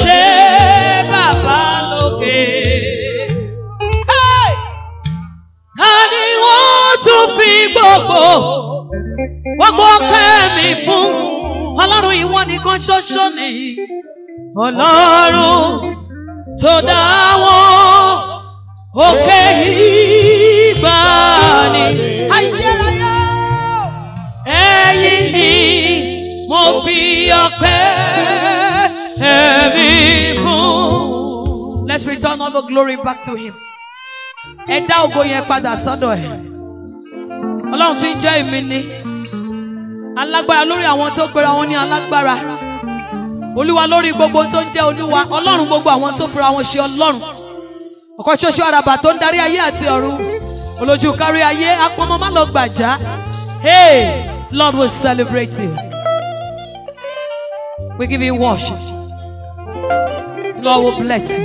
ṣe bàbá lókè. ká ní wọ́n tún fi gbogbo gbogbo kẹ́mi fún ọlọ́run ìwọ nìkan ṣoṣo nìyí ọlọ́run tó dáa. Let's return all the glory back to him. Ẹ dá ògo yẹn padà sọ́dọ̀ ẹ̀. Ọlọ́run tí ń jẹ́ èmi ni. Alágbára lórí àwọn tó pera wọn ní alágbára. Olúwa lórí gbogbo tó ń jẹ́ olúwa. Ọlọ́run gbogbo àwọn tó pera wọn ṣe ọlọ́run. Ọ̀kan ṣoṣo àràbà tó ń darí ayé àti ọ̀run. Olójú kárí ayé apọnmọ má lọ gbàjá. Hey, Lord will celebrate you. We give you worship. Lord will bless you.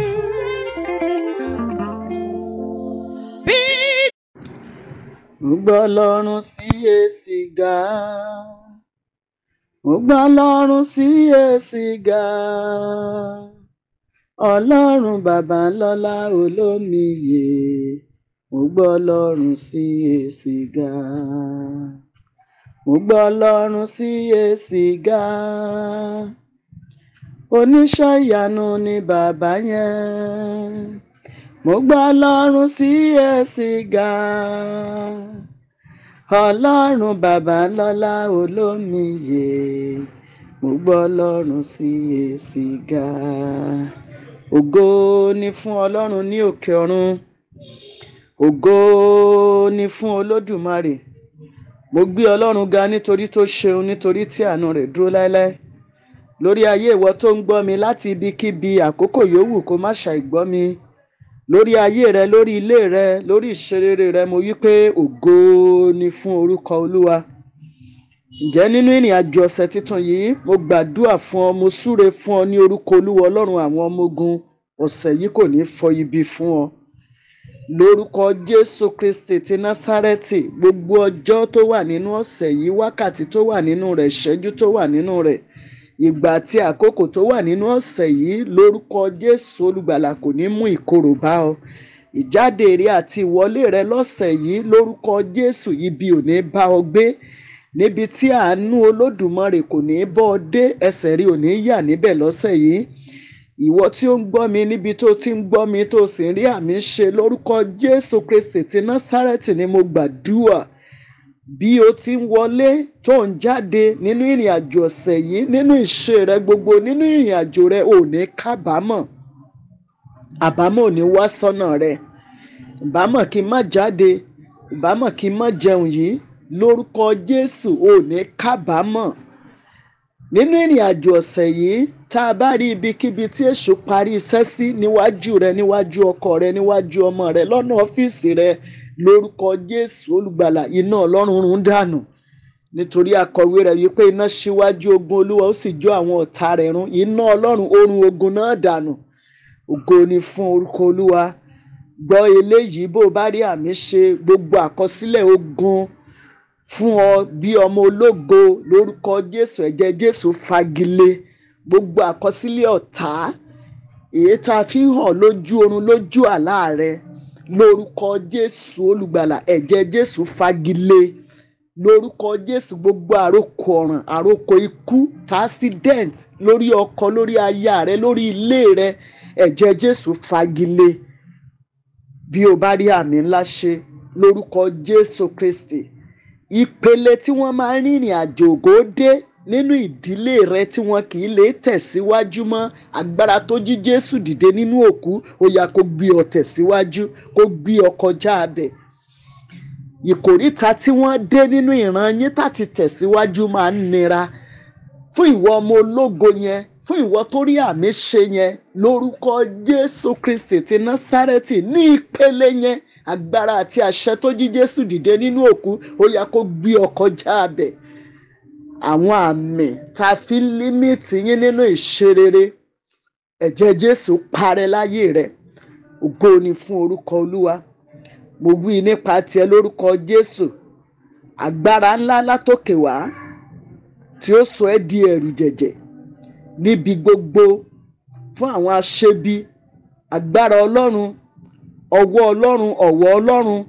Mo gbọ́ Ọlọ́run CAC e ga. Mo gbọ́ Ọlọ́run CAC e ga. Ọlọ́run bàbá lọ́lá olómiyè. Mo gbọ́ Ọlọ́run CAC e ga. Mo gbọ́ Ọlọ́run CAC ga. Oníṣẹ́ ìyanu ni bàbá yẹn mo gbọ́ ọlọ́run csc ga ọlọ́run bàbá lọ́lá olómiyè mo gbọ́ ọlọ́run csc ga ògo ni fún ọlọ́run ní òkè ọ̀run ògo ni fún olódùmarè mo gbé ọlọ́run ga nítorí tó ṣeun nítorí tí àánú rẹ̀ dúró láéláé lórí ayé ìwọ tó ń gbọ́ mi láti ibikíbi àkókò yòówù kó má ṣàìgbọ́ mi lórí ayé rẹ lórí ilé rẹ lórí ìṣerere rẹ mo wí pé ògo ni fún orúkọ olúwa ǹjẹ́ nínú ìrìn àjò ọ̀sẹ̀ tuntun yìí mo gbàdúrà fún ọ mo súre fún ọ ní orúkọ olúwa ọlọ́run àwọn ọmọ ogun ọ̀sẹ̀ yìí kò ní fọ ibi fún ọ lórúkọ jésù kristi ti násárẹ́tì gbogbo ọjọ́ tó wà nínú ọ̀sẹ̀ yìí wákàtí tó wà nínú rẹ̀ ìṣẹ́jú tó wà nínú rẹ̀ ìgbà àti àkókò tó wà nínú ọ̀sẹ̀ yìí lórúkọ Jésù olùgbàlà kò ní mú ìkorò bá ọ ìjáde rẹ àti ìwọlé rẹ lọ́sẹ̀ yìí lórúkọ Jésù ibi ò ní bá ọ gbé níbi tí àánú Olódùmarè kò ní bọ́ ọ dé ẹsẹ̀ rí ò ní yà níbẹ̀ lọ́sẹ̀ yìí ìwọ tí ó ń gbọ́ mi níbi tó ti ń gbọ́ mi tó sì ń rí àmì ṣe lórúkọ Jésù Kristi ti Násárẹ́tì ni mo gbàdúrà bí o ti ń wọlé tó ń jáde nínú ìrìn àjò ọ̀sẹ̀ yìí nínú ìṣe rẹ gbogbo nínú ìrìn àjò rẹ ò ní kábàámọ̀ àbámọ̀ ò ní wá sọ́nà rẹ ìbámọ̀ kí n má jáde ìbámọ̀ kí n má jẹun yìí lórúkọ Jésù ò ní kábàámọ̀ nínú ìrìn àjò ọ̀sẹ̀ yìí tá a bá rí ibikíbi tí èṣù parí iṣẹ́ sí níwájú rẹ níwájú ọkọ rẹ níwájú ọmọ rẹ lọ́nà ọ́fíìsì rẹ lórúkọ jésù olùgbàlà iná ọlọ́run run dànù nítorí akọ̀wé rẹ̀ wípé iná síwájú ogun olúwa ó sì jó àwọn ọ̀tá rẹ̀ run iná ọlọ́run ó run ogun náà dànù ògo ni fún orúkọ olúwa gbọ́ eléyìí bó o bá rí àmì ṣe gbogbo àkọsílẹ̀ ogun fún ọ bí ọmọ ológo lórúkọ jésù ẹ̀jẹ̀ jésù fagilé gbogbo àkọsílẹ̀ ọ̀tá èyí tá a fi hàn lójú oorun lójú àlá rẹ lórúkọ jésù olùgbàlà ẹ̀jẹ̀ jésù fagilé lórúkọ jésù gbogbo àròkọ ọ̀ràn àròkọ ikú accident lórí ọkọ lórí aya rẹ lórí ilé rẹ ẹ̀jẹ̀ jésù fagilé bí o bá rí àmì ńlá ṣe lórúkọ jésù kristi ìpele tí wọ́n máa ń rìnrìn àjò ògo dé nínú ìdílé rẹ tí wọn kì í lè tẹ̀síwájú mọ́ agbára tó jí Jésù dìde nínú òkú ó yá kó gbé ọ tẹ̀síwájú kó gbé ọ kọjá abẹ̀ ìkòríta tí wọ́n dé nínú ìran yín tàti tẹ̀síwájú máa ń nira fún ìwọ ọmọ ológo yẹn fún ìwọ tó rí àmì ṣe yẹn lórúkọ Jésù Kristi ti Násárẹ́tì ní ìpele yẹn agbára àti àṣẹ tó jí Jésù dìde nínú òkú ó yá kó gbé ọ kọjá abẹ̀ àwọn àmì tá a fi límìtì yín nínú ìṣerere ẹ̀jẹ̀ Jésù parẹ́ láyé rẹ̀ ògo ni fún orúkọ Olúwa mo wí nípa tiẹ̀ lórúkọ Jésù agbára ńlá látòkè wá tí ó sọ ẹ́ di ẹ̀rù jẹ̀jẹ̀ níbi gbogbo fún àwọn aṣebi agbára Ọlọ́run ọwọ́ Ọlọ́run ọ̀wọ́ Ọlọ́run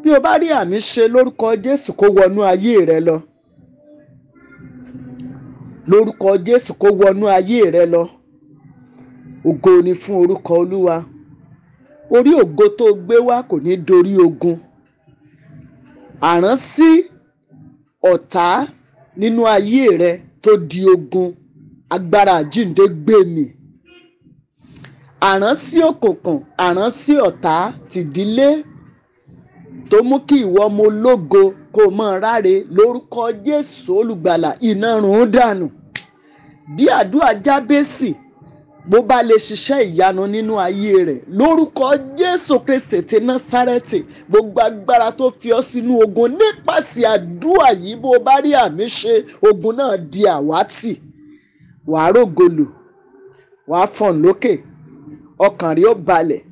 bí o bá rí àmì ṣe lórúkọ Jésù kó wọnú ayé rẹ lọ. lórúkọ jésù kó wọnú ayé rẹ lọ ògo ni fún orúkọ olúwa orí ògo tó gbé wá kò ní dorí ogun àránsí ọ̀tá nínú ayé rẹ tó di ogun agbára àjíǹde gbé mì àránsí òkùnkùn àránsí ọ̀tá tìdílé tó mú kí ìwọ ọmọ ológo kó o mọ ráre lórúkọ jésù olùgbàlà iná run ún dànù bí àdúrà jábésì bó bá lè ṣiṣẹ́ ìyanu nínú ayé rẹ̀ lórúkọ jésù kristi ti násárẹ́tì gbogbo agbára tó fi ọ́ sínú ogun nípasẹ̀ àdúrà yìí bó bá rí àmì ṣe ogun náà di àwátì wàá rògolò wàá fọ̀n lókè ọkàn rí ó balẹ̀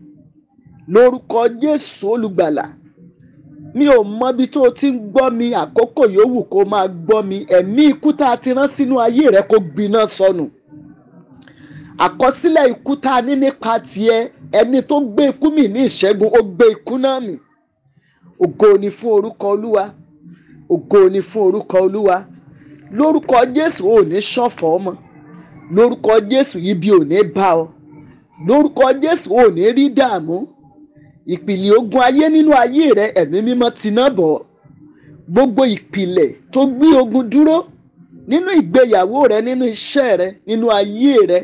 lórúkọ jésù olùgbàlà mi ò mọbi tó o ti ń gbọ́ mi àkókò yòówù kó máa gbọ́ mi ẹ̀mí ikú tá a ti rán sínú ayé rẹ kó gbiná sọnù àkọsílẹ̀ ikú tá a ní nípa tiẹ̀ ẹni tó gbé ikú mi ní ìṣẹ́gun ó gbé ikú náà mì ògo ni fún orúkọ olúwa ògo ni fún orúkọ olúwa lórúkọ jésù ò ní ṣọ̀fọ̀ ọmọ lórúkọ jésù ibi ò ní bá ọ lórúkọ jésù ò ní rí dààmú ìpìlẹ̀ ogun ayé nínú ayé rẹ ẹ̀mí mímọ́ ti náà bọ̀ gbogbo ìpìlẹ̀ tó gbé ogun dúró nínú ìgbéyàwó rẹ nínú iṣẹ́ rẹ nínú ayé rẹ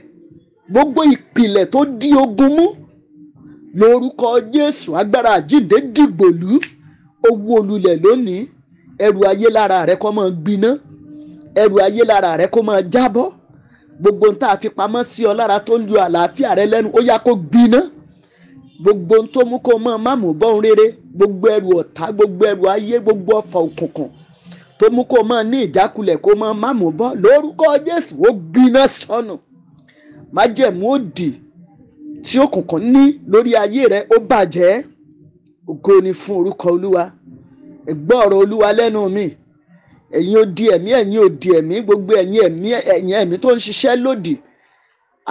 gbogbo ìpìlẹ̀ tó dí ogun mú lórúkọ Jésù agbára àjíǹde dìgbòlú owó olulẹ̀ lónìí ẹrù ayé lára rẹ kó máa gbiná ẹrù ayé lára rẹ kó máa jábọ́ gbogbo ń tá fi pamọ́ sí ọ lára tó ń lu àlàáfíà rẹ lẹ́nu ó yá kó gbiná gbogbo ohun tó mú kó mọ́ má mú bọ́ ohun rere gbogbo ẹrù ọ̀tá gbogbo ẹrù ayé gbogbo ọfà òkùnkùn tó mú kó mọ́ ní ìjákulẹ̀ kó mọ́ má mú bọ́ lórúkọ Jésù ó gbiná sọnù májẹ̀mú òdì tí òkùnkùn ní lórí ayé rẹ ó bàjẹ́ ògo ni fún orúkọ Olúwa ẹ gbọ́ ọ̀rọ̀ Olúwa lẹ́nu mi ẹ̀yin odi ẹ̀mí ẹ̀yin odi ẹ̀mí gbogbo ẹ̀yin ẹ̀mí ẹ̀yin ẹ̀mí tó ń ṣiṣẹ́ lòdì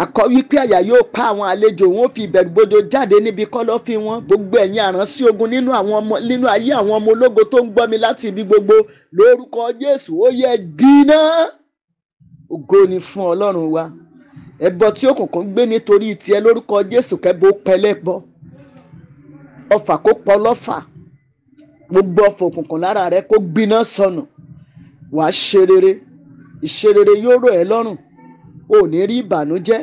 àkọ́ wípé àyà yóò pa àwọn àlejò wọn ó fi ìbẹ̀rùbojo jáde níbi kọ́lọ́fín wọn gbogbo ẹ̀yin àránsí ogun nínú àwọn ọmọ nínú ayé àwọn ọmọ ológo tó ń gbọ́ mi láti ibi gbogbo lórúkọ Jésù ó yẹ gbiná ògo ni fún Ọlọ́run wa ẹbọ tí òkùnkùn gbé nítorí tiẹ̀ lórúkọ Jésù kẹbọ pẹlẹbọ ọfà kó pọ lọ́fà gbogbo ọfà òkùnkùn lára rẹ kó gbiná sọnù wàá ṣe rere yóò rọ̀ ẹ́ lọ́rùn O ní rí ìbànújẹ́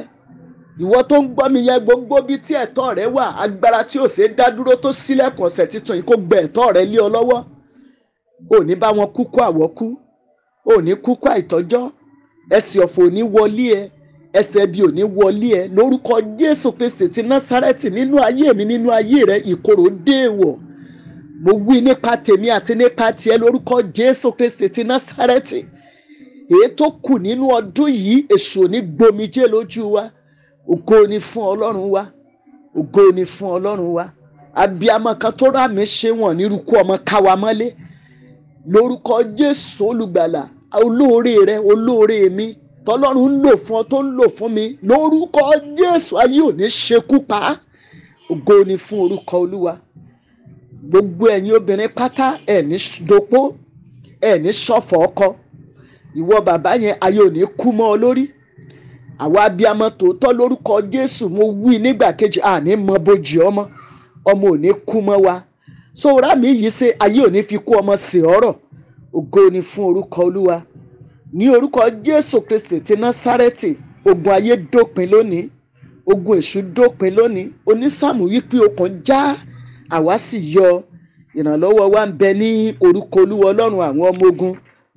ìwọ tó ń gbọ́ mi yẹn gbogbo bí tí ẹ̀tọ́ rẹ wà agbára tí ò ṣe é dá dúró tó sílẹ̀kùn ọ̀sẹ̀ tuntun yìí kó gbẹ ẹ̀tọ́ rẹ lé ọ lọ́wọ́ ò ní bá wọn kúkú àwọ̀kú ò ní kúkú àìtọ́jọ́ ẹsẹ̀ ọ̀fọ̀ ò ní wọlé ẹ ẹsẹ̀ ibi ò ní wọlé ẹ lórúkọ Jésù Kristi ti Násárẹ́tì nínú ayé mi nínú ayé rẹ ìkorò déèwọ̀ mo wí nípa tèmi àti nípa tiẹ̀ lórúkọ Jésù Kristi ti Násárẹ́tì èyí tó kù nínú ọdún yìí èso ní gbomijé lójú wa ògo ni fún ọlọ́run wa ògo ni fún ọlọ́run wa abiyamọ kan tó rà mí ṣe wọn nírúkú ọmọ káwa mọ́lé lórúkọ jésù olùgbàlà olóore rẹ olóore mi tọlọ́run ń lò fún ọ tó ń lò fún mi lórúkọ jésù ayé ò ní ṣekú pa ògo ni fún orúkọ olúwa gbogbo ẹ̀yin obìnrin pátá ẹ̀ ní dopó ẹ̀ ní ṣọ̀fọ̀ ọkọ ìwọ bàbá yẹn ayé ò ní kú mọ́ ọ lórí àwa abiyamọ tòótọ́ lórúkọ Jésù mo wí nígbà kejì àní mọ bójì ọmọ ọmọ ò kú mọ́ wa so rámi yìí ṣe ayé ò fi kú ọmọ sí ọ̀rọ̀ ògo ni fún orúkọ Olúwa ní orúkọ Jésù Kristi ti Násárẹ́tì ogun ayé dópin lónìí ogun èṣù dópin lónìí onísàmù wípé okùn já àwa sì yọ ìrànlọ́wọ́ wa ń bẹ ní orúkọ Olúwa Ọlọ́run àwọn ọmọ ogun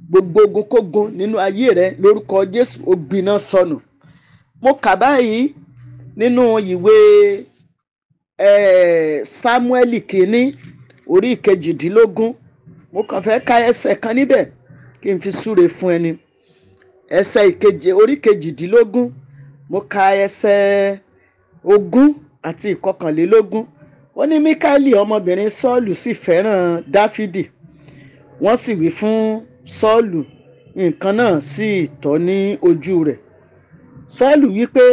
gbogbo ogunkógun nínú ayé rẹ lórúkọ Jésù ó gbiná sọnù mo kà báyìí nínú ìwé Sámúẹ́lì kínní orí ìkejìdínlógún mo kàn fẹ́ ka ẹsẹ̀ kan níbẹ̀ kí n fi súre fún ẹni ẹsẹ̀ ìkeje orí kejìdínlógún mo ka ẹsẹ̀ ogún àti ìkọkànlélógún ó ní Míkálì ọmọbìnrin Sọ́ọ̀lù sì fẹ́ràn Dáfídì wọ́n sì wí fún Sọ́ọ̀lù nǹkan náà sì tọ́ ní ojú rẹ̀ Sọ́ọ̀lù wípé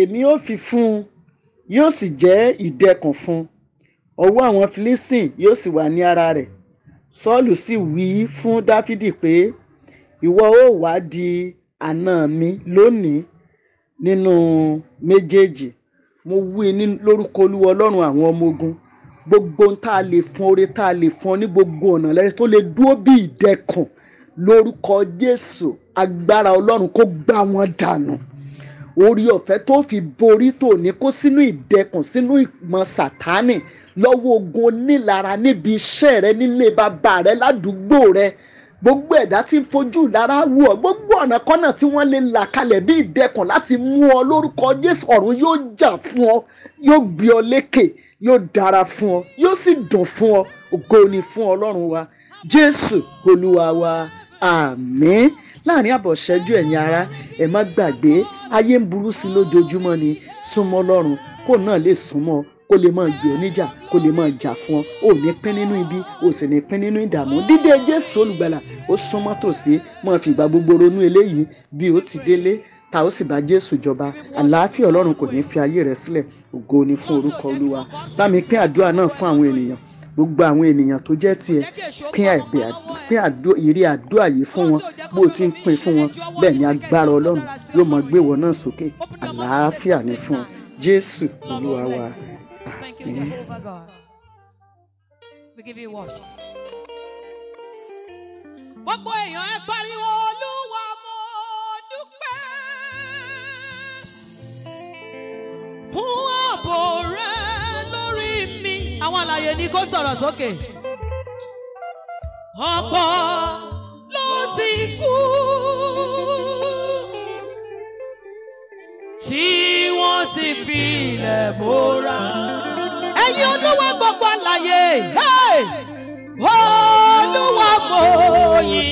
èmi ó fi fún un yóò si jẹ́ ìdẹkùn fún un ọwọ́ àwọn Filistin yóò sì wà ní ara rẹ̀ Sọ́ọ̀lù sì wí fún Dáfídì pé ìwọ ó wá di àna mi lónìí nínú méjèèjì mo wí ní lórúkọ Olúwa Ọlọ́run àwọn ọmọ ogun gbogbo ohun tá a lè fún oore tá a gbogbo ọ̀nà lẹ́yìn tó lè dúró bí ìdẹkùn lórúkọ Jésù agbára Ọlọ́run kó gbá wọn dànù orí ọ̀fẹ́ tó fi borí tòní kó sínú ìdẹkùn sínú ìmọ̀ sàtánì lọ́wọ́ ogun onílara níbi iṣẹ́ rẹ nílé bàbá rẹ ládùúgbò rẹ gbogbo ẹ̀dá tí ń fojú ìlara wù ọ́ gbogbo ọ̀nà kọ́nà tí wọ́n lè là kalẹ̀ bí ìdẹkùn láti mú ọ lórúkọ Jésù ọ̀run yóò jà fún ọ yóò gbé ọ lékè yóò dára fún ọ yóò sì dùn fún ọ ògo ni fún Ọlọ́run wa Jésù Olúwa wa àmín láàrin àbọ̀ ṣẹ́jú ẹ̀yin ara ẹ má gbàgbé ayé ń burú sí lójoojúmọ́ ni súnmọ́ ọlọ́run kó náà lè súnmọ́ kó lè máa gbé oníjà kó lè máa jà fún ọ ò ní pín nínú ibi ò sì ní pín nínú ìdààmú dídé jésù olùgbàlà ó súnmọ́ tòsí máa fìgbà gbogbo ronú eléyìí bí ó ti délé ta ó sì bá jésù jọba àlàáfíà ọlọ́run kò ní fi ayé rẹ̀ sílẹ̀ ògo ni fún orúkọ olúwa bá mi pín àdúrà náà fún àwọn ènìyàn gbogbo àwọn ènìyàn tó jẹ́ tiẹ̀ pín ìrí àdúrà yìí fún wọn bó o ti ń pín fún wọn bẹ́ẹ̀ ni agbára ọlọ́run yóò máa gbé wọn náà sókè àlàáfíà ni fún ọ jésù olúwa wa àmín. gbogbo èèyàn ẹ pariwo. ní kó sọ̀rọ̀ sókè. ọ̀pọ̀ ló ti kú tí wọ́n sì fi ilẹ̀ bóra. ẹ̀yin olúwa gbogbo àlàyé olúwa mọ̀ yín.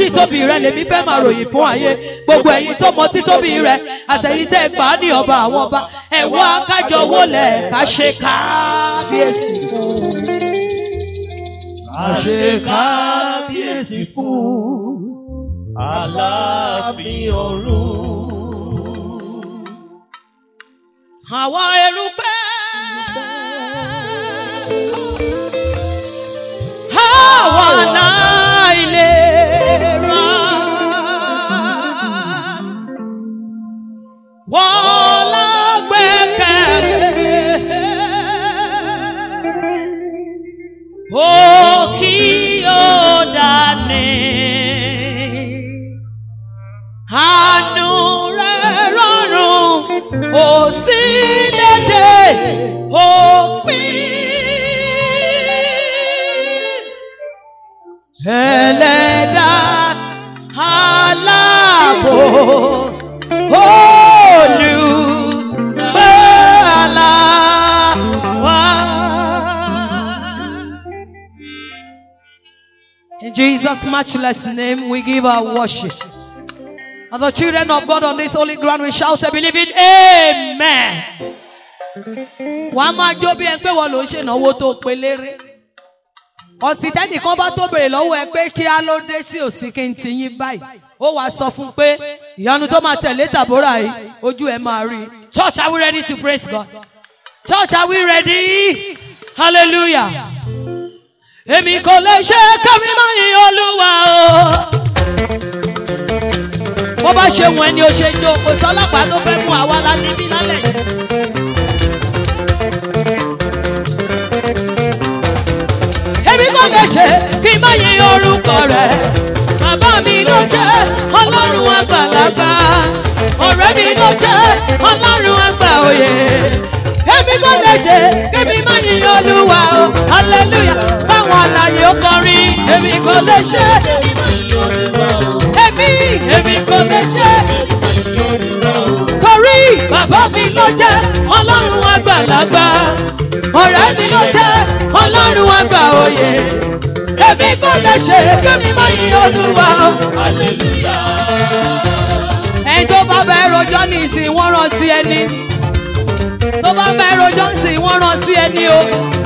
títóbi rẹ lèmi fẹ́ máa ròyìn fún ayé gbogbo ẹ̀yin tó mọ títóbi rẹ àtẹ̀yin tẹ́ ẹ gbà á ní ọba àwọn ọba ẹ wá kájọ wólẹ̀ ká ṣe kábíyèsí ká ṣe kábíyèsí fún aláàfin ọ̀run. àwọn erùpẹ̀. ẹlẹ́dà aláàbò wá. In Jesus' matchless name, we give our worship. And the children of God on this holy ground, we say, "Believe believing Amen. Wàá máa jó bí wọ́n ló ń tó ọtí tẹ́nìkan bá tó bèrè lọ́wọ́ ẹ pé kí á ló dé sí òsì kí n ti yín báyìí ó wàá sọ fún pé ìyanu tó máa tẹ̀lé tàbórà yìí ojú ẹ máa rí. Church, are we ready to praise God? Church, are we ready? Hallelujah. èmi kò lè ṣe kárí mọ́ olúwa o. bó bá ṣe wọ̀n ẹni ó ṣe jó kò sọ́lọ́pàá tó fẹ́ mú àwa lálẹ́ bí lálẹ́ yìí. Kimaneshe, Kimaneshe. olúwa. ẹni tó bá fẹ́ rojọ́ ní ìsìn wọ́n rán sí ẹni tó bá fẹ́ rojọ́ ní ìsìn wọ́n rán sí ẹni o.